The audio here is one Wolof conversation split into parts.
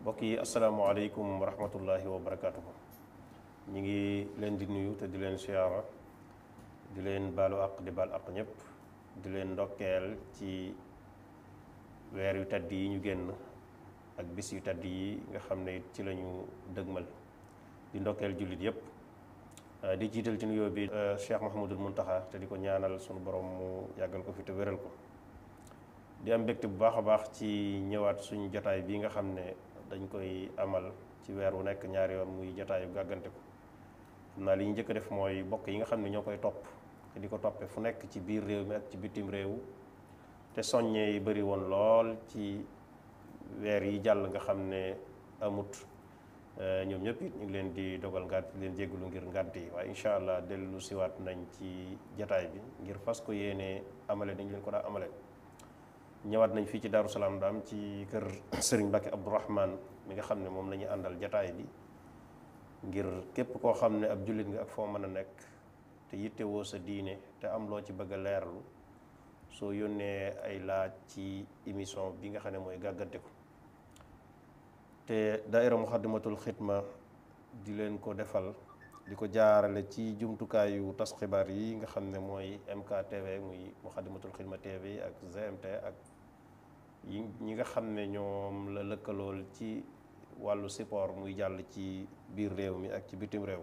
mbokk yi asalaamaaleykum wa rahmatullahi wa barakaatuhu ñu ngi leen di nuyu te di leen siyaara di leen baalu àq di baal àq ñëpp di leen ndokkeel ci weer yu tedd yi ñu génn ak bis yu tedd yi nga xam ne ci lañu ñu dëgmal di ndokkeel jullit yëpp euh, di jiital ci nuyoo bi euh, Cheikh Mouhamadul Mountakha te di ko ñaanal suñu boroom mu yàggal ko fi te wéral ko di am mbégte bu baax a baax ci ñëwaat suñu jotaay bi nga xam ne. dañ koy amal ci weer wu nekk ñaari yoon muy jataayu gàggante ko xam naa li ñu njëkk a def mooy bokk yi nga xam ne ñoo koy topp te di ko toppee fu nekk ci biir réew mi ci bitim réew te soññee bari woon lool ci weer yi jàll nga xam ne amut euh, ñoom ñëpp ñu ngi leen di dogal ngànt leen jéggalu ngir ngànt yi waaye incha allah dellu siwaat nañ ci jataay bi ngir fas ko yéene amale dañ leen ko daa amale ñawaat nañ fii ci Daaru Salaam daam ci kër Serigne Mbacke Abdourahman mi nga xam ne moom la ñuy àndal jataay bi ngir képp koo xam ne ab jullit nga ak foo mën a nekk te yittewoo sa diine te am loo ci bëgg a leerlu soo yónnee ay laaj ci émission bi nga xam ne mooy gàggante ko te daaira Muxaddamatul Xidma di leen ko defal di ko jaarale ci jumtukaayu tas xibaar yi nga xam ne mooy MKTV muy Muxaddamatul Xidma TV ak GMT ak yi ñi nga xam ne ñoom la lëkkalool ci wàllu support muy jàll ci biir réew mi ak ci bitim réew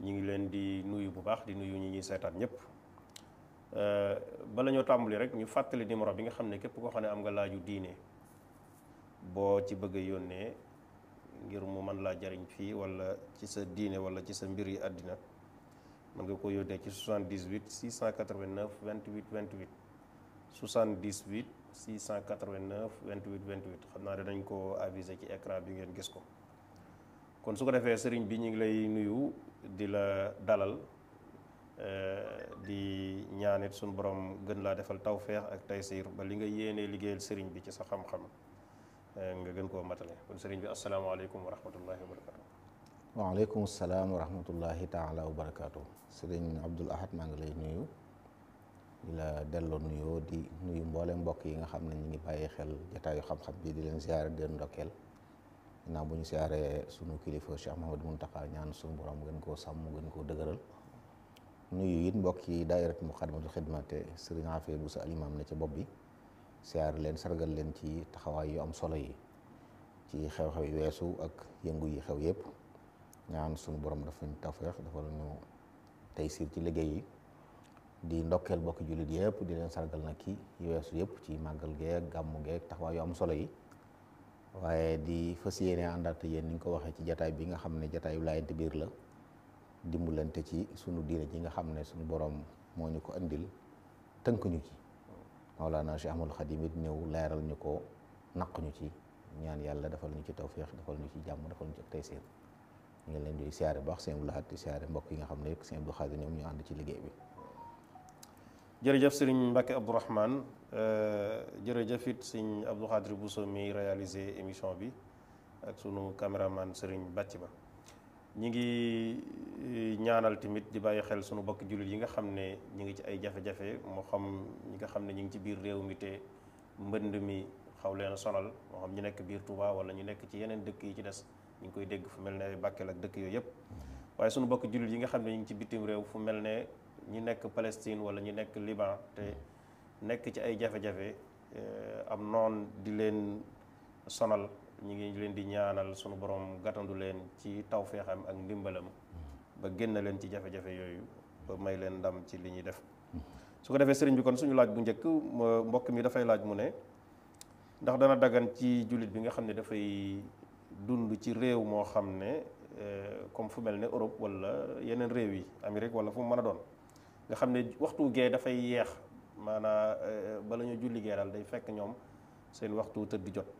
ñu ngi leen di nuyu bu baax di nuyu ñi ñuy seetaan ñëpp euh, bala ñoo tàmbali rek ñu fàttali numéro bi nga xam ne képp koo xam ne am nga laaju diine boo ci bëgg yónnee ngir mu mën laa jariñ fii wala ci sa diine wala ci sa mbir yi àddina mën nga ko yónnee ci 78 689 28 28 78 689 28 28 xam naa dañ ko avisé ci écran bi ngeen gis ko kon su ko defee sëriñ bi ñu ngi lay nuyu di la dalal euh, di ñaanit suñu borom gën laa defal tawféex ak taysiir ba li nga yéenee liggéeyal sëriñ bi ci sa xam-xam euh, nga gën koo matale kon sëriñ bi asalaamaaleykum wa rahmatullahi wa barakatu waaleykum salaam wa rahmatullahi taala wa barakatu sëriñ Abdul Ahad maa ngi lay nuyu di delloo nuyoo di nuyu mboolem mbokk yi nga xam ne ñu ngi bàyyi xel jataayu xam-xam bii di leen siyaare di leen ndokkeel bu ñu siyaaree sunu kilifa Cheikh Mahamadou Mountakha ñaan sunu borom gën koo sàmm gën koo dëgëral nuyu mbokk yi daayiratu Muqaddamatul Xidma te bu sa alimaam ne ci bopp bi siyaare leen sargal leen ci taxawaay yu am solo yi ci xew-xew yu weesu ak yëngu yi xew yépp ñaan sunu borom dafa ñu tawfeex dafa la ñu tey siir ci liggéey yi. di ndokkeel bokki jullit yëpp di leen sargal nag ki yu weesu yëpp ci màggal geeg gàmmu geeg taxawaay yu am solo yi waaye di fas yéene àndaat yéen ni nga ko waxee ci jataay bi nga xam ne jataayu laayante biir la dimbalante ci sunu diine ji nga xam ne sunu borom moo ñu ko andil tënk ñu ci Mawlaana Cheikh Ahmadul Xadim it ñëw leeral ñu ko naq ñu ci ñaan yàlla defal ñu ci tawféex defal ñu ci jàmm defal ñu ci ak tayseer ñu leen di siyaare baax seen wulaat di siyaare nga xam ne rek seen bu xaadir ñoom ñu ànd ci liggéey bi jërëjëf sëriñ Mbacke Abdourahmane euh, jërëjëf it sëriñ Abdou Khadri mi réalisé émission bi ak sunu caméraman sëriñ bàcc ba ñi ngi euh, ñaanal tamit di bàyyi xel sunu bokk jullit yi nga xam ne ñi ngi ci ay jafe-jafe moo xam ñi nga xam ne ñi ngi ci biir réew mi te mbënd mi xaw leen sonal moo xam ñu nekk biir Touba wala ñu nekk ci yeneen dëkk yi ci des ñu ngi koy dégg fu mel ne Bakel ak dëkk yooyu yëpp waaye sunu bokk jullit yi nga xam ne ñi ngi ci bitim réew fu mel ne ñi nekk Palestine wala ñi nekk Liban te nekk ci ay jafe-jafe eh, am noon di leen sonal ñi ngi leen di ñaanal sunu borom gàttandu leen ci tawféexam ak ndimbalam ba génn leen ci jafe-jafe yooyu ba may leen ndam ci li ñuy def su ko defee sëriñ bi kon suñu laaj bu njëkk mbokk mi dafay laaj mu ne ndax dana daggan ci jullit bi nga xam ne dafay dund ci réew moo xam ne eh, comme fu mel ne Europe wala yeneen réew yi Amérique wala fu mu mën a doon nga xam ne waxtu gee dafay yeex maanaa euh, bala ñu julli gee daal day fekk ñoom seen waxtu tëdd jot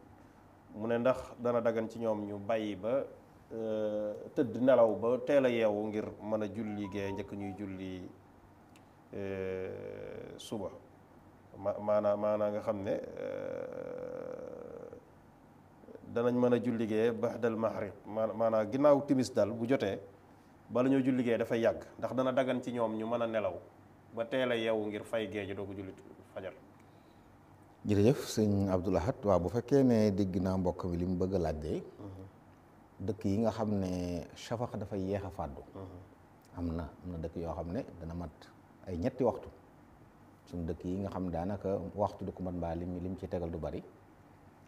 mu ne ndax dana dagan ci ñoom ñu bàyyi ba euh, tëdd nelaw ba teel a yeewu ngir mën a julli gee njëkk ñuy julli euh, suba ma maanaa maanaa nga xam ne danañ mën a julli gee baxdal maxrib maanaa ginnaaw timis daal bu jotee bala ñoo julligee dafay yàgg ndax dana dagan ci ñoom ñu mën a nelaw ba teel a yeewu ngir fay géej doo ko jullit fajar jërëjëf sëñ Abdoul Ahad waaw bu fekkee ne dégg naa mbokk mi li mu bëgg a laaj mhm. dëkk yi nga xam ne safax dafay yeex a fàddu mhm. na am na dëkk yoo xam ne dana mat ay ñetti waxtu suñu dëkk yi nga xam daanaka waxtu du ko mat mbaa lim mu ci tegal du bari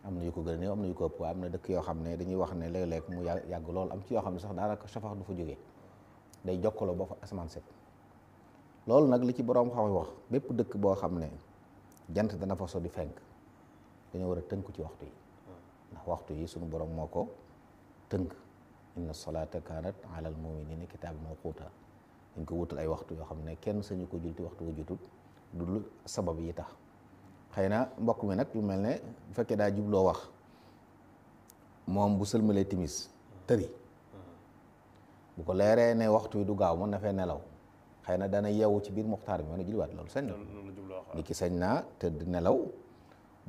am na yu ko gën a néew am na yu ko ëpp am na dëkk yoo xam ne dañuy wax ne léeg-léeg mu yàgg lool am ci yoo xam ne sax daanaka safax du fa jógee day jokkaloo ba fa asamaan set loolu nag li ci boroom xam wax bépp dëkk boo xam ne jant dana fa so di fenk dañoo war a tënk ci waxtu yi ndax waxtu yi suñu boroom moo ko tënk inna salaata kaanat alal muminina moo mawquuta dañ ko wutal ay waxtu yoo xam ne kenn sañu ko julti waxtu wu jutul dul sabab yi tax xëy na mbokk mi nag lu mel ne bu fekkee daa jubloo wax moom bu sëlmalee timis tëri bu ko leeree ne waxtu wi du gaaw mën na fee nelaw xëy na dana yeewu ci biir muxtaar bi mën na julliwaat loolu sañ ni ki sañ naa tëdd nelaw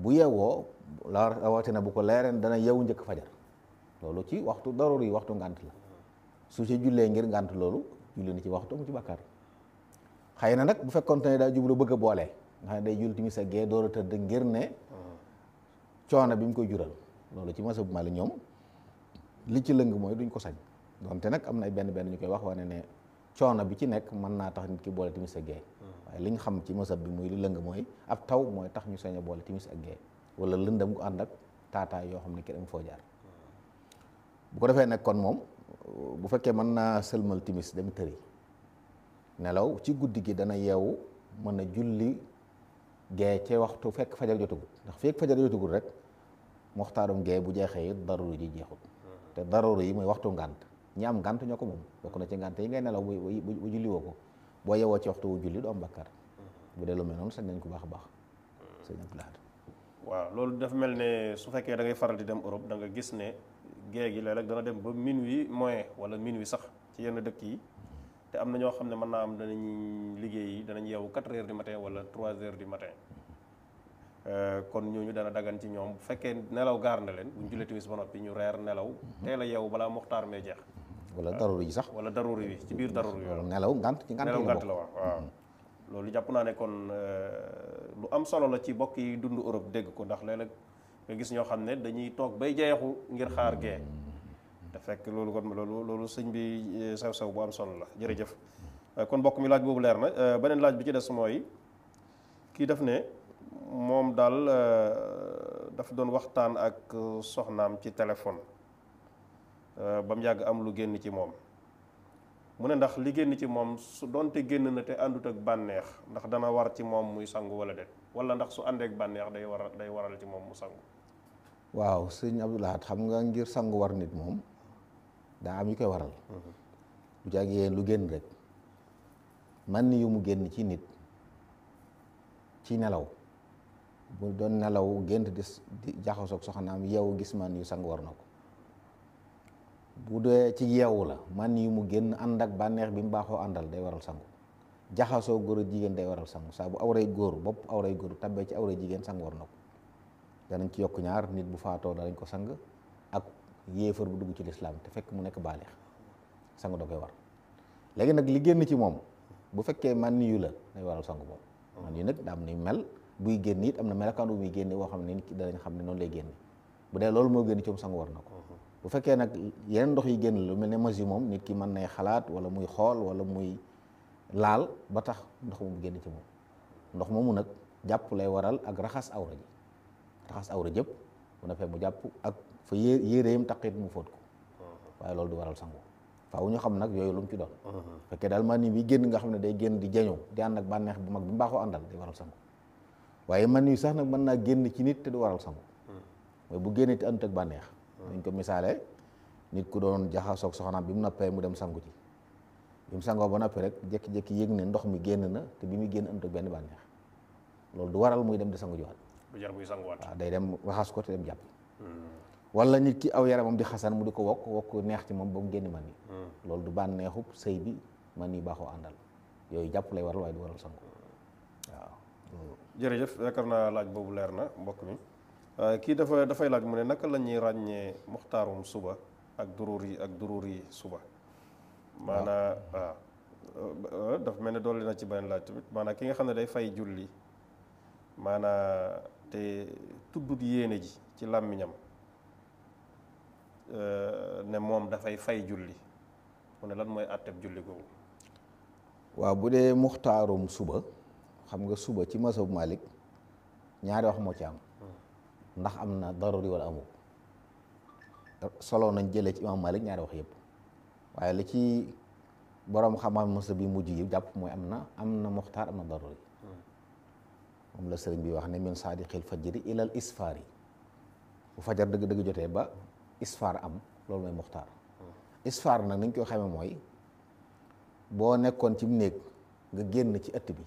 bu yeewoo la na bu ko leeree ne dana yeewu njëkk fajar loolu ci waxtu darur yi waxtu ngànt la su ci jullee ngir ngant loolu julli na ci waxtu mu ci bàkkaar xëy na nag bu fekkoon ne daa jublu bëgg a boole nga xam ne day jul timis ak gee door a tëdd ngir ne coono bi mu koy jural loolu ci ma bu ma la ñoom li ci lëng mooy duñ ko sañ donte nag am na ay benn benn ñu koy wax wane ne ne coono bi ci nekk mën naa tax nit ki boole timis ak gee hmm. waaye li ñu xam ci masab bi muy li lëng mooy ab taw mooy tax ñu sañ a boole timis ak gee wala lëndam gu ànd ak taataay yoo xam ne kenn am foo jaar hmm. bu ko defee nag kon moom bu fekkee mën naa sëlmal timis dem tëri nelaw ci guddi gi dana yeewu mën a julli gee ci waxtu fekk fajar jotugul ndax fekk fajar jotugul rek moxtaarum gee bu jeexee it daroru ji jeexut hmm. te daroru yi mooy waxtu ngànt ñi am ngant ñoo ko moom bokk na ci ngant yi ngay nelaw bu bu julli woo ko boo yewoo ci waxtu wu julli du am bakkar bu dee lu mel noonu sañ nañ ko baax a baax sëñ waaw loolu dafa mel ne su fekkee da ngay faral di dem Europe da nga gis ne géej gi léeg-léeg dana dem ba minuit moyen wala minuit sax ci yenn dëkk yi te am na ñoo xam ne mën naa am danañ liggéey danañ yeewu 4 heures du matin wala 3 heures du matin euh, kon ñu dana dagan ci ñoom bu fekkee nelaw gaar na leen buñ jullee timis ba noppi ñu reer nelaw mhm. teel a yeewu balaa moxtaar mee jeex wala daruri ji sax ah, wala daruri bi ci biir daruri bi nelaw ngant ci ngant la waaw waaw loolu jàpp naa ne kon euh, lu am solo la ci bokk yi dund Europe dégg ko ndax léeg ñoo xam ne dañuy toog bay jeexu ngir xaar gee hmm. te fekk loolu kon loolu loolu sëñ bi euh, sew sew bu am solo la jërëjëf euh, kon bokk mi laaj boobu leer na beneen laaj bi ci des mooy kii def ne moom daal daf doon waxtaan ak soxnaam ci téléphone Euh, ba mu yàgg am lu génn ci moom mu ne ndax li génn ci moom su doonte génn na te àndut ak bànneex ndax dana war ci moom muy sangu wala déet wala ndax su àndeek bànneex day war day waral ci moom mu sangu waaw sëñ Abdou Lahad xam nga ngir sangu war nit moom daa am yu koy waral mhm. bu yéen lu génn man ni yu mu génn ci nit ci nelaw bu doon nelaw gént di jaxasoog soxnaam yow gis man yu sangu war na ko bu dee ci yeewu la man yu mu génn ànd ak bànneex bi mu baaxoo àndal day waral sangu jaxasoo góor a jigéen day waral sangu saa bu awray góor bopp awray góor tabbee ci awray jigéen sang war na ko danañ ci yokk ñaar nit bu faatoo danañ ko sang ak yéefar bu dugg ci lislaam te fekk mu nekk baaleex sangu da koy war léegi nag li génn ci moom bu fekkee man yu la day waral sangu moom man yu nag daa ni mel buy génn it am na melokaan bu muy génne boo xam ne danañ xam ne noonu lay génne bu dee loolu moo génn ci moom sangu war na ko bu fekkee nag yeneen ndox yi génn lu mel ne mos moom nit ki mën nay xalaat wala muy xool wala muy laal ba tax ndox génn ci moom ndox moomu nag jàpp lay waral ak raxas awra ji raxas awra jëpp bu na mu jàpp ak fa yé yéeréem taqit mu fóot ko loolu waral sangu faaw ñu xam nag yooyu lu ci doon uh-huh. fekkee daal man ni bi génn nga xam ne day génn di jañoo di ànd ak bu mag baaxoo àndal day waral sangu waaye man ni sax nag mën naa génn ci nit te du waral sangu uh-huh. mooy bu génn te àndut ak bànneex dañ ko misaale nit ku doon jaxasoog soxnaam bi mu nappee mu dem sangu ci bi mu sangoo ba noppi rek jékki-jékki yëg ne ndox mi génn na te bi muy génn ëntog benn bànneex loolu du waral muy dem di sangu jiwaat du jar muy sanguwaat day dem waxaas ko te dem jàpp hmm. wala nit ki aw moom di xasan mu di ko wokk wokk neex ci moom ba mu génn man yi hmm. loolu du bànneexub sëy bi man yi baaxoo àndal yooyu jàpp lay waral waaye du waral sangu hmm. waaw jërëjëf boobu leer na mbokk mi Euh, kii dafa dafay laaj mu ne naka la ñuy ràññee muxtaarum suba ak duruur yi ak duruur yi suba maanaa ah. euh, daf mel ne dolli na ci beneen laaj tamit maanaa ki nga xam ne day fay julli maanaa te tuddut yéene ji ci làmmiñam euh, ne moom dafay fay julli mu ne lan mooy àtteb julli googu waaw bu dee muxtaarum suba xam nga suba ci masabu Malik ñaari wax moo ci am ndax am na daruri wala amu solo nañ jëlee ci imam malik ñaari wax yëpp waaye li ci boroom xam-xam mosa bi mujj yi jàpp mooy am na am na muxtaar am na daruri moom la sëriñ bi wax ne min saadiqil fajri ilal isfaar yi bu fajar dëgg-dëgg jotee ba isfaar am loolu mooy muxtaar isfaar nag niñ koy xamee mooy boo nekkoon ci mu néeg nga génn ci ëtt bi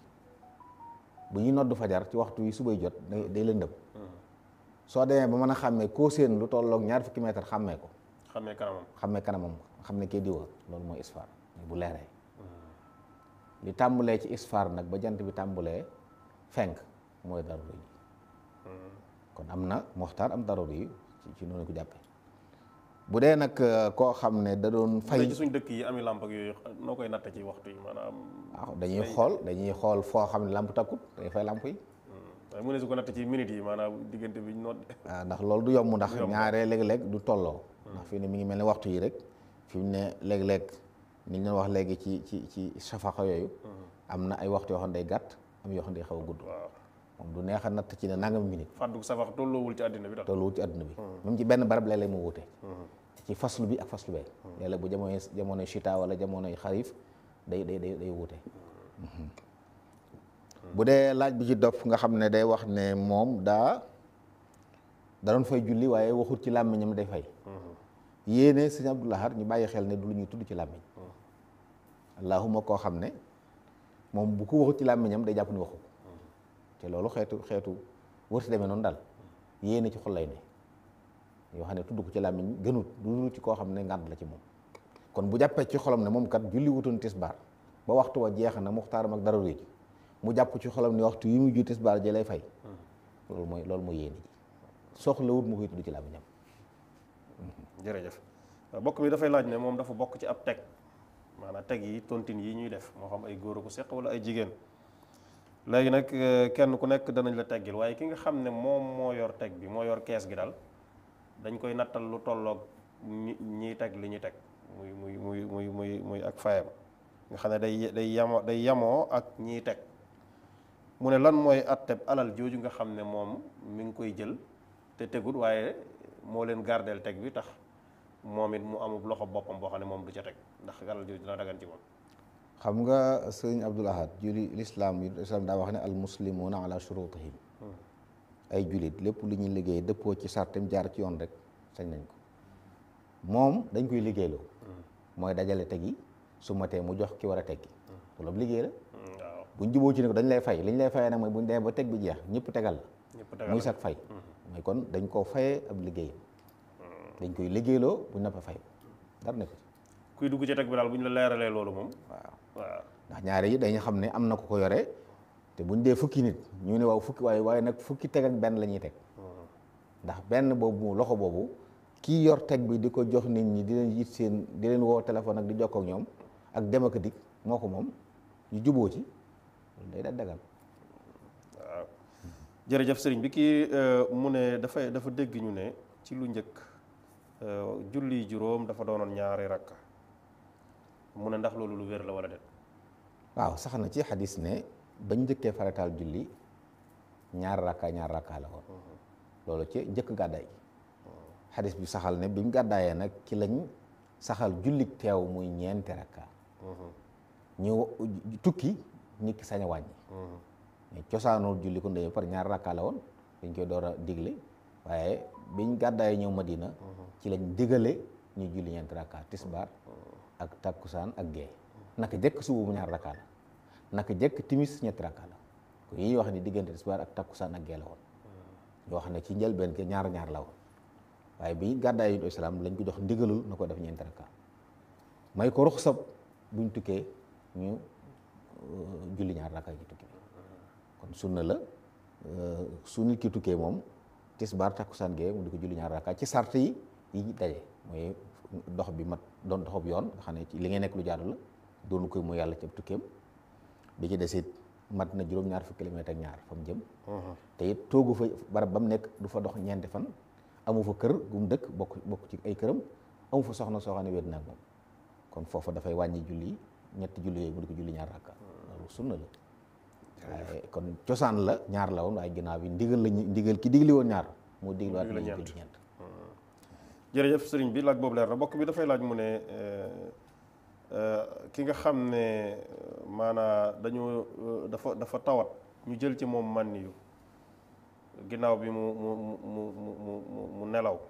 bu ñuy nodd fajar ci waxtu yi subay jot day lëndëm soo demee ba mën a xàmmee koo seen lu tollook ñaar fukki mètre xàmmee ko. xàmmee kanamam xàmmee xam ne kii diwa loolu mooy isfaar bu leeree. li hmm. tàmbulee ci isfaar nag ba jant bi tàmbulee fenk mooy daruri yi hmm. na moxtaar am daruri ci noonu ko jàppee bu dee nag euh, koo xam ne da doon fay suñ dëkk yi ami làmp yooyu noo koy natt ci waxtu yi maanaam dañuy xool dañuy xool foo xam ne làmp takkut day fay làmp yi waaye mu ne su ko natt ci minutes yi maanaam diggante bi ñu noot. waaw ah, ndax loolu du yomb ndax ñaaree léeg-léeg du tolloo. Hmm. ndax fii ne mi ngi mel ne waxtu yi rek fi mu ne léeg-léeg ni ñu wax léegi ci ci ci safaxa yooyu. Hmm. am na ay waxtu yoo xam ne day gàtt am yoo xam ne day xaw a gudd. moom du neex a natt ci ne nangam minute. fàddu safax tolloowul ci àddina bi tax. tolloowul ci àddina bi. Hmm. même ci benn barab léeg-léeg mu wuute. ci faslu bi ak faslu bee. léeg-léeg bu jamonoy jamonoy chita wala jamonoy xarif day day day day wuute. bu dee laaj bi ci dopp nga xam ne day wax ne moom daa da doon fay julli waaye waxut ci làmmiñam day fay yéene sëñ Abdou Lahad ñu bàyyi xel ne du lu ñuy tudd ci làmmiñ allahuma koo xam ne moom bu ko waxut ci làmmiñam day jàpp te loolu xeetu xeetu wër si demee noonu daal yéene ci xol lay ne yoo xam ne tudd ko ci làmmiñ gënut du ci koo xam ne ngànt la ci moom kon bu jàppee ci xolam ne moom kat julli wutoon tisbaar ba waxtu wa jeex na muxtaaram ak dara réeji mu jàpp ci xolam ne waxtu yi mu ju tisbaar ji lay fay loolu mooy loolu mooy yéene ji soxlawut mu koy tudd ci làmmiñam jërëjëf bokk bi dafay laaj ne moom dafa bokk ci ab teg maanaa teg yi tontine yi ñuy def moo xam ay góor a ko seq wala ay jigéen léegi nag euh, kenn ku nekk danañ la teggil waaye ki nga xam ne moom moo yor teg bi moo yor kees gi daal dañ koy nattal lu tolloog ñiy teg li ñuy teg muy muy muy muy muy muy ak fayam nga xam ne day day yamoo day yamoo ak ñiy teg mu ne lan mooy atteb alal jooju nga xam ne moom mi ngi koy jël te tegut waaye moo leen gardeel teg bi tax moom it mu amub loxo boppam boo xam ne moom du ca teg ndax alal jooju dina dagan ci moom xam nga sëñ Abdul Ahad julli lislaam lislaam daa wax ne al muslimuuna ala shurutihim hmm. ay jullit lépp lu ñuy liggéey dëppoo ci sartem jaar ci yoon rek sañ nañ ko moom dañ koy liggéeyloo hmm. mooy dajale teg yi su matee mu jox ki war a teggi hmm. loolu liggéey buñ juboo ci ne ko dañ lay fay liñ lay fayee nag mooy buñ demee ba teg bi jeex ñëpp tegal la muy sag fay mooy mhm. kon dañ koo fayee ab liggéey mhm. dañ koy liggéeyloo bu nappa fay dara nekk dugg ci teg bi daal buñ la leeralee loolu moom ndax ñaari yi dañu xam ne am na ko ko yore te buñ dee fukki nit ñu ne waaw fukki waaye waaye nag fukki teg ak benn lañuy ñuy teg mhm. ndax benn boobu loxo boobu kii yor teg bi di ko jox nit ñi di leen yit seen di leen woo téléphone ak di jokkoo ñoom ak dem ak dikk moo ko moom ñu juboo ci day daal dagal waaw jërëjëf sëriñ bi kii euh, mu ne dafay dafa dégg ñu ne ci lu njëkk euh, julli juróom dafa doonoon ñaari rakka mu ne ndax loolu lu wér la wala de waaw sax na ci xadis ne bañ njëkkee farataal julli ñaari rakka ñaar rakka la woon mhm. loolu ci njëkk gàddaay gi xadis bi saxal ne biñ gàddaayee nag ki lañ saxal jullik teew muy ñeenti rakka mhm. ñu tukki nit ki sañ a wàññi mm-hmm. mais cosaanul julli ko ndey par ñaar rakkaa la woon dañ koy door a digle waaye biñ gàddaay ñëw Madina mm-hmm. ci lañ digale ñu julli ñeenti rakkaa tisbaar mm-hmm. ak takkusaan ak gee naka jëkk suba bu ñaar rakkaa la naka jëkk timis ñetti rakkaa la ko yi wax ni diggante tisbaar ak takkusaan ak gee la woon yoo xam ne ci njëlbeen ke ñaar ñaar la woon waaye bi yi doo islaam lañ ko jox ndigalul na ko def ñeenti rakkaa may ko ruxsab buñ Euh, julli ñaar rakka ci tukki bi kon sunna la euh, su nit ki tukkee moom tisbaar takkusaan gee mu di ko julli ñaar ci sart yi yi daje mooy bi mat doon doxub yoon xam ne ci li ngay nekk lu jaadu la doonu koy mu yàlla ci ab tukkeem bi ci desit mat na juróom-ñaar fukki kilomètre ak ñaar fa mu jëm uh-huh. fa barab ba mu nekk du fa dox ñeenti fan amu fa gu dëkk bokk bokk ci ay këram amu fa soo xam ne wéet naa moom kon mu di ko julli ñaar rakka sunna la waaye eh, kon cosaan la ñaar la woon waaye ginnaaw bi ndigal la ndigal ki digli woon ñaar moo digluwaat la ñeent jërëjëf sëriñ bi laaj boobu leer bokk bi dafay laaj mu ne eh, eh, ki nga xam ne maanaa dañoo dafa dafa tawat ñu jël ci moom mànni yu ginnaaw bi mu mu nelaw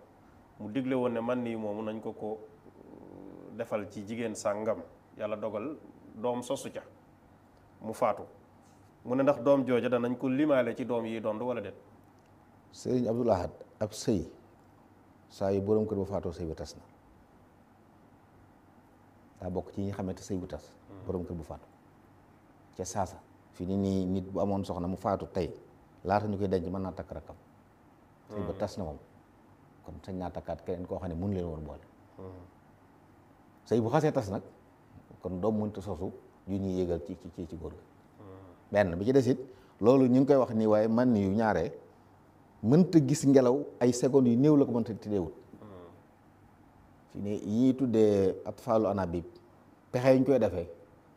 mu digle woon ne mànni yu moomu nañ ko ko defal ci jigéen sàngam yàlla dogal doom sosu ca mu faatu mu ne ndax doom jooja danañ ko limaale ci doom yi dond wala déet sëriñ Abdul Ahad ab sëy saa yu borom kër ba faatoo sëy ba tas na bokk ci ñi xamante sëy bu tas hmm. borom bu faatu ca saasa fii ni nii nit bu amoon soxna mu faatu tey laata ñu koy mën naa takk rakkam hmm. tas na moom kon sañ naa takkaat keneen koo xam ne mun leen woon boole hmm. sëy bu xasee tas nag kon doom mënta sosu yu ñuy yëgal ci ci ci góor benn bi ci desit loolu ñu ngi koy wax nii waaye man yu ñaaree mënta gis ngelaw ay secondes yu néew la ko mënta tiddeewut fi ne yi tuddee atfaalu anabib pexe yi ñu koy defee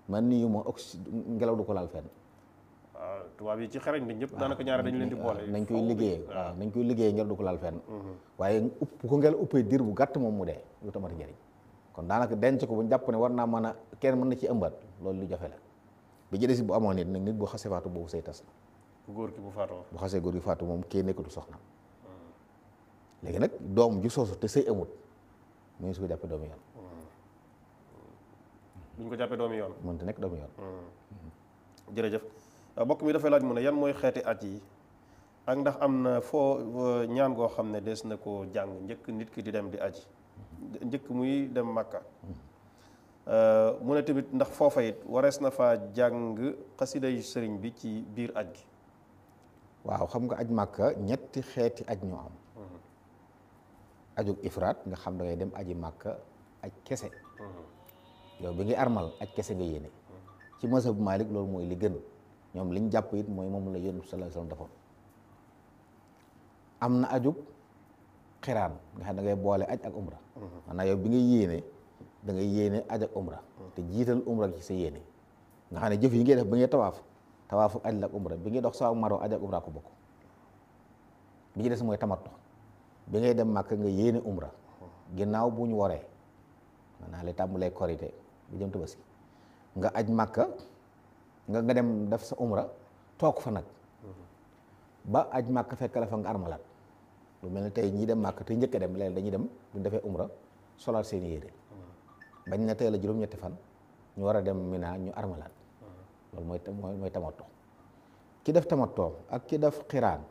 man yu moom oxy ngelaw du ko laal fenn tubaab yi ci xarañ nañ ñëpp daanaka ñaare dañu leen di nañ koy liggéeyee waaw koy liggéeyee ngelaw du ko laal fenn mhm. waaye upp ko ngelaw uppee diir bu gàtt moom mu dee lu tamati njëriñ kon daanaka denc ko bu ñu jàpp ne war naa mën a kenn mën na ci ëmbat loolu lu jafe la bu ci si bu amoon nit nag nit bu xasee faatu boobu say tas na. bu góor gi bu faatoo. bu xasee góor gi faatu moom kee nekkatu soxna. Hmm. léegi nag doom ju soosu te say amut mu ngi su hmm. ko jàppee doomu yoon. bu ñu ko jàppee doomu yoon. mënta nekk doomu yoon. Hmm. jërëjëf euh, mbokk mi dafay laaj mu ne yan mooy xeeti at yi ak ndax am na foo euh, ñaan goo xam ne des na ko jàng njëkk nit ki di dem di aj njëkk muy dem makka Euh, mu ne tamit ndax foofa it warees na faa jàng xasiday sëriñ bi ci biir aj gi waaw xam nga aj màkka ñetti xeeti aj ñoo am mm-hmm. ajug ifraat nga xam dangay dem aji màkka aj kese mm-hmm. yow bi ngi armal aj kese nga yéene mm-hmm. ci bu Malik loolu mooy li gën ñoom liñ jàpp it mooy moom la yónent sallallahu alayhi wasallam defoon am na ajug xiraan nga xam da ngay boole aj ak umra maanaam yow bi nga yéene dangay ngay yéene aj umra te jiital umra ci sa yéene nga xam ne jëf yi ngay def ba ngay tawaaf tawaafu aj la ak umra bi ngay dox sa maro aj ak umra ko des mooy tamattu bi ngay dem màkk nga yéene umra ginnaaw ñu waree maanaam li tàmbalee korite bu jëm tabaski nga aj màkk nga dem def sa umra toog fa nag ba aj màkk fekk la fa nga armalaat lu mel ne tey ñii dem màkk te njëkk dem léeg dañuy dem bu defee umra solaat seen yére bañ na tey la juróom-ñetti fan ñu war a dem Mina ñu armalaat loolu mooy mooy mooy tamattu ki def tamattu ak ki def xiraan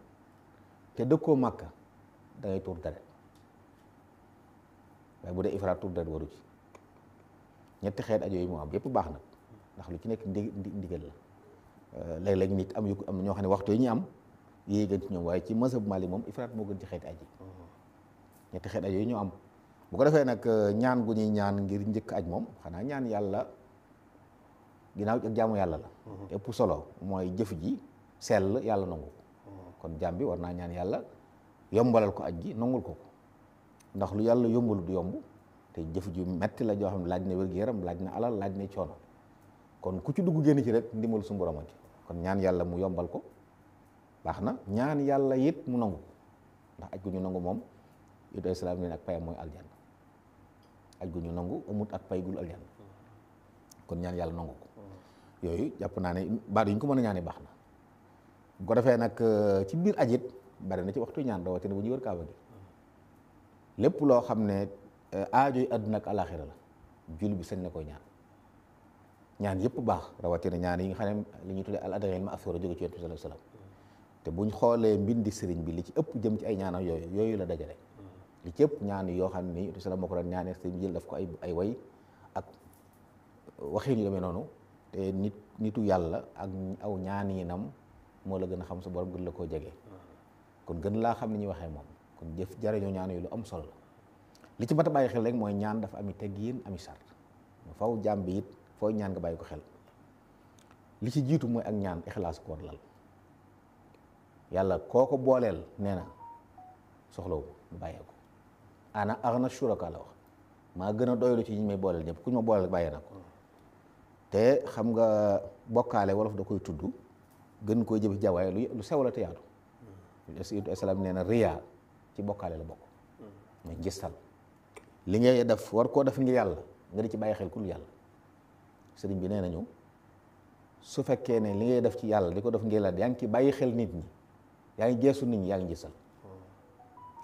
te dëkkoo Makka da ngay tuur deret waaye bu dee ifraat tuur deret waru ci ñetti xeet ajo yi mu am yëpp baax na ndax lu ci nekk ndi ndigal la euh, léeg-léeg nit am yu am ñoo xam ne waxtu yi ñu am yéey gën ci ñoom waaye ci mazhab Maalik moom ifraat moo gën ci xeeti aji mmh. ñetti xeet ajo yi ñu am bu ko defee nag euh, ñaan gu ñuy ñaan ngir njëkk aj moom xanaa ñaan yàlla ginnaaw ak jaamu yàlla la mhm. ëpp solo mooy jëf ji sell yàlla nangu ko mhm. kon jaam bi war naa ñaan yàlla yombalal ko aj gi nangul ko ko ndax lu yàlla yombal du yomb te jëf ju metti la joo xam ne laaj na wér yaram laaj na alal laaj na coono kon ku ci dugg génn ci rek ndimal su borom kon ñaan yàlla mu yombal ko baax na ñaan yàlla it mu nangu ndax aj gu ñu nangu moom it ay salaam leen ak payam mooy aljanna aj gu ñu nangu amut ak paygul aljanna kon ñaan yàlla nangu ko yooyu jàpp naa ne baat yi ko mën a ñaanee baax na bu defee nag euh, ci biir ajit bari na ci waxtu ñaan rawatina bu ñuy wër kaaba gi lépp loo xam ne euh, aajoy àdduna ak alaxira la jul bi sañ na koy ñaan ñaan yëpp baax rawatina ñaan yi nga xam ne li ñu tuddee al adrien ma asura jóge ci yonent bi sallallahu alayhi wasallam te xoolee mbindi sëriñ bi li ci ëpp jëm ci ay ñaanam yooyu yooyu la dajale li ci ëpp ñaan yoo xam ni sala moo ko doon ñaanee sëñ jël ko ay ay way ak waxin noonu te nit nitu yàlla ak aw ñaan yi moo la gën a xam sa borom gën la koo jege kon gën laa xam ni ñuy waxee moom kon jëf jariñoo ñaan yi lu am solo li ci mat bàyyi xel rek mooy ñaan dafa ami teggin ami sart faw jàmm bi it foo ñaan nga bàyyi ko xel li ci jiitu mooy ak ñaan ixlaas ko lal yàlla kooko booleel nee na soxlawu mu bàyyee ana axna suraka la maa gën a doylu ci ñi may booleel ñëpp ku ñu ma booleel bàyyi na ko te xam nga bokkaale wolof da koy tudd gën koy jëf jawaay lu sew la te yaatu Seydu nee na riyaa ci bokkaale la bokk muy ngistal li ngay def war koo def ngir yàlla nga di ci bàyyi xel ku dul yàlla sëriñ bi nee nañu su fekkee ne li ngay def ci yàlla di ko def ngir yàlla yaa ngi ci bàyyi xel nit ñi yaa ngi geesu nit ñi yaa ngi ngistal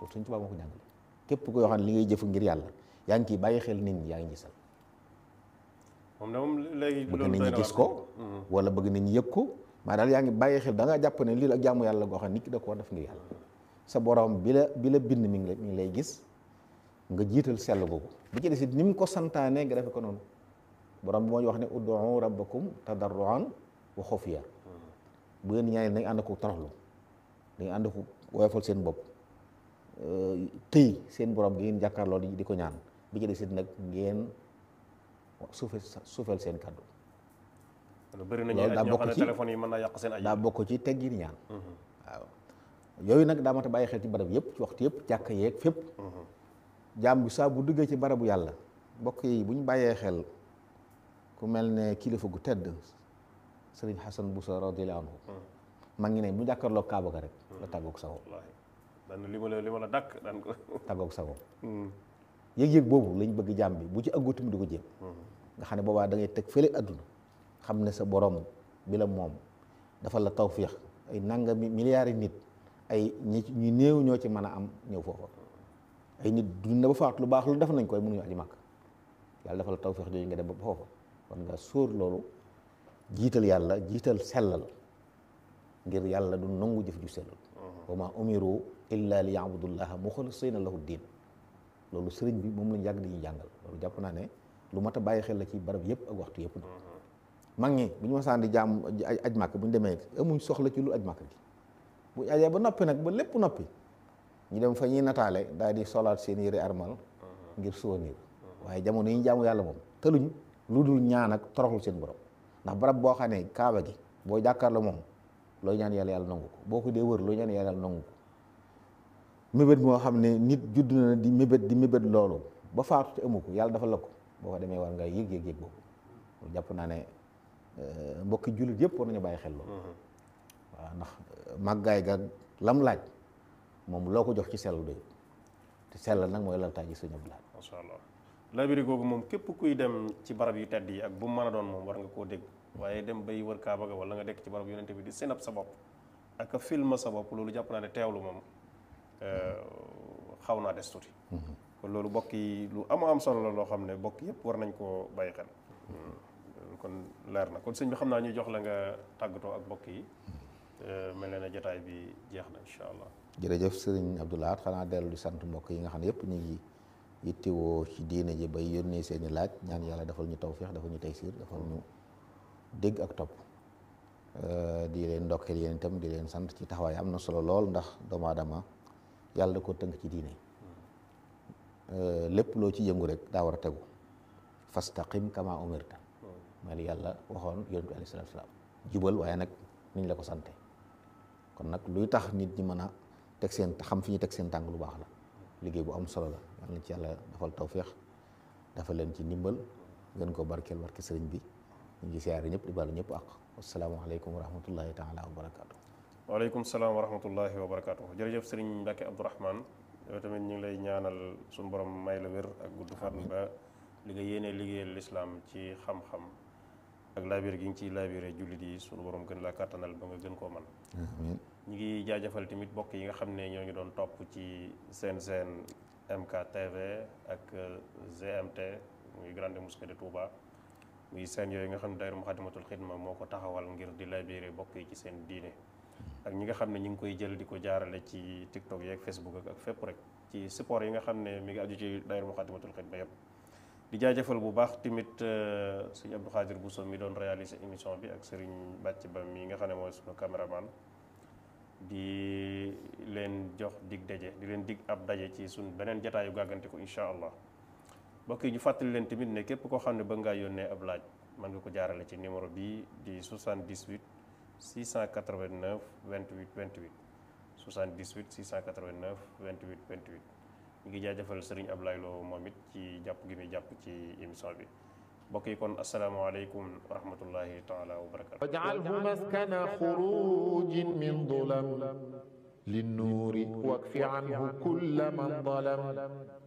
loolu moo ko jàngale képp koo xam li ngay jëf ngir yàlla yaa ngi ciy bàyyi xel nit ñi yaa ngi gisal. moom moom léegi bëgg nit ñi gis ko. Mm-hmm. wala bëgg nit ñi yëg ko. maa daal yaa ngi bàyyi xel da ngaa lii ak jaamu yàlla goo xam nit ki da koo def sa borom bi la bind mi ngi lay ngi lay gis nga jiital sell googu bi ci si it mu ko santaanee nga defe ko noonu borom bi moo ñu wax ne ud'u rabbakum tadarruan wa xufiya mm-hmm. bu ngeen ñaanee nañ ànd ko toroxlu dañ ànd ko woyofal seen bopp tëy seen borom gi ngeen jàkkaarloo di ko ñaan bi ci des nag ngeen suufel suufel seen kàddu. loolu bëri na ñoo xam ne téléphone yi mën na yàq seen ay daa bokk ci teggin ñaan. Mhm. waaw yooyu nag daa mat a bàyyi xel ci barab yëpp ci waxtu yëpp jàkka yeeg fépp. Mhm. jaam bi saa bu ci barabu yàlla bokk yi bu ñu bàyyee xel ku mel ne kilifa gu tedd Serigne Hassan Bousso radiyallahu anhu. Mhm. maa ngi ne mu jàkkaarloo Kaaba ga rek. la tàggoog sa daan li ma la li ma la dàkk daan ko. Hmm. yëg-yëg boobu lañ bëgg jàmm bi bu ci àggutum di ko jéem. nga xam ne boobaa dangay teg fële àdduna xam ne sa boroom bi la moom dafa la tawféex ay nangami milliards nit ay ñi ñu néew ñoo ci mën a am ñëw foofa ay nit dund na ba faatu lu baax lu def nañ koy mënuñu aji màkk yàlla dafa la tawféex jooju nga dem ba foofa kon nga sóor loolu jiital yàlla jiital sellal ngir yàlla du nangu jëf ju sellal hmm. wa maa umiru illa li yaabudullaha muxalisina lahu diin loolu sëriñ bi moom lañ yàgg di ñu jàngal loolu jàpp naa ne lu mat a bàyyi xel la ci barab yëpp ak waxtu yëpp nag mag ñi bu ñu masaan di jaam aj màkk bu ñu demee amuñ soxla ci lu aj màkk gi bu ñu ba noppi nag ba lépp noppi ñu dem fa ñuy nataale daal di solaat seen yëre armal ngir souvenir waaye jamono yi ñu jaamu yàlla moom tëluñ lu dul ñaan ak toroxlu seen borom ndax barab boo xam ne kaaba gi boo jàkkaarloo moom loo ñaan yàlla yàlla nangu ko boo ko dee wër loo ñaan yàlla yàlla mébét moo xam ne nit judd na di mébét di mébét loolu ba faatu te amu ko yàlla dafa la ko boo ko demee war nga yëg yëg yëg boobu jàpp naa ne euh, mbokki jullit yëpp war nañu bàyyi xel loolu mm-hmm. waaw ndax euh, màggaay ga lam laaj moom loo ko jox ci sellu doy te sellal nag mooy laltaay ji suñu laaj masha allah labiri googu moom képp kuy dem ci barab yu tedd yi ak bu mu a doon moom war nga koo dégg waaye dem bay wër kaaba ga wala nga dekk ci barab yonente bi di seen sa bopp ak a film sa bopp loolu jàpp naa ne teewlu moom Euh, xaw naa des tuuti. kon loolu bokk yi lu am am solo la loo xam ne bokk yëpp war nañ koo bàyyi xel. Hmm. kon leer na kon sëñ bi xam naa ñu jox la nga tàggatoo ak bokk yi. Euh, mel na ne jotaay bi jeex na incha allah. jërëjëf sëriñ Abdou Lahad xanaa dellu di sant mbokk yi nga xam ne yëpp ñu ngi yittewoo ci diine ji bay yónnee seeni laaj ñaan yàlla dafal ñu tawféex dafal ñu taysiir dafal ñu dégg ak topp. Euh, di leen ndokkeel yéen itam di leen sant ci taxawaay am na solo lool ndax aadama yàlla da ko tënk ci diine lépp loo ci yëngu rek daa war a tegu fastaqim kama umirta mooy li yàlla waxoon yonent bi alayhi salaam jubal waaye nag niñ la ko sante kon nag luy tax nit ñi mën a teg seen xam fi ñu teg seen tàng lu baax la liggéey bu am solo la yal na ci yàlla dafal tawféex dafa leen ci ndimbal gën ko barkeel barke sëriñ bi ñu ngi siyaare ñëpp di baalu ñëpp ak wasalaamualeykum wa rahmatullahi taala wa barakaatu waaleykum salaam wa rahmatullahi wa barakaatu jërëjëf sëriñ Mbacke Abdourahmane yow tamit ñu ngi lay ñaanal suñu borom may la wér ak gudd fan ba li nga liggéeyal lislaam ci xam-xam ak laabir gi nga ciy laabiree jullit yi suñu borom gën laa kàttanal ba nga gën koo man ñu ngi jaajëfal tamit bokk yi nga xam ne ñoo ngi doon topp ci seen seen MKTV ak euh, GMT muy Grande Mosquée de Touba muy seen yooyu nga xam ne daayira Muxaddamatul Xidma moo ko taxawal ngir di laabiree bokk yi ci seen diine ak ñi nga xam ne ñu ngi koy jël di ko jaarale ci TikTok yeeg Facebook ak fépp rek ci support yi nga xam ne mi ngi aju ci daayira Muxaddamatul Xidma yëpp di jaajëfal bu baax tamit euh, sëñ Abdou Khadir Bousso mi doon réaliser émission bi ak sëriñ Bàcc Ba mi nga xam ne mooy suñu caméraman di leen jox dig daje di leen dig ab daje ci suñ beneen jataayu gàggante ko incha allah mbokk yi ñu fàttali leen tamit ne képp koo xam ne bëgg ngaa yónnee ab laaj mën nga ko jaarale ci numéro bii di 78 689 28 28 78 689 28 28 ñu ngi jaajëfal Serigne Ablaye Lo moom it ci jàpp gi muy jàpp ci émission bi mbokk yi kon asalaamaaleykum wa rahmatullahi taala wa barakaatu. waj'alhu maskana xurujin min dulam linnuuri wakfi anhu kulla man dalam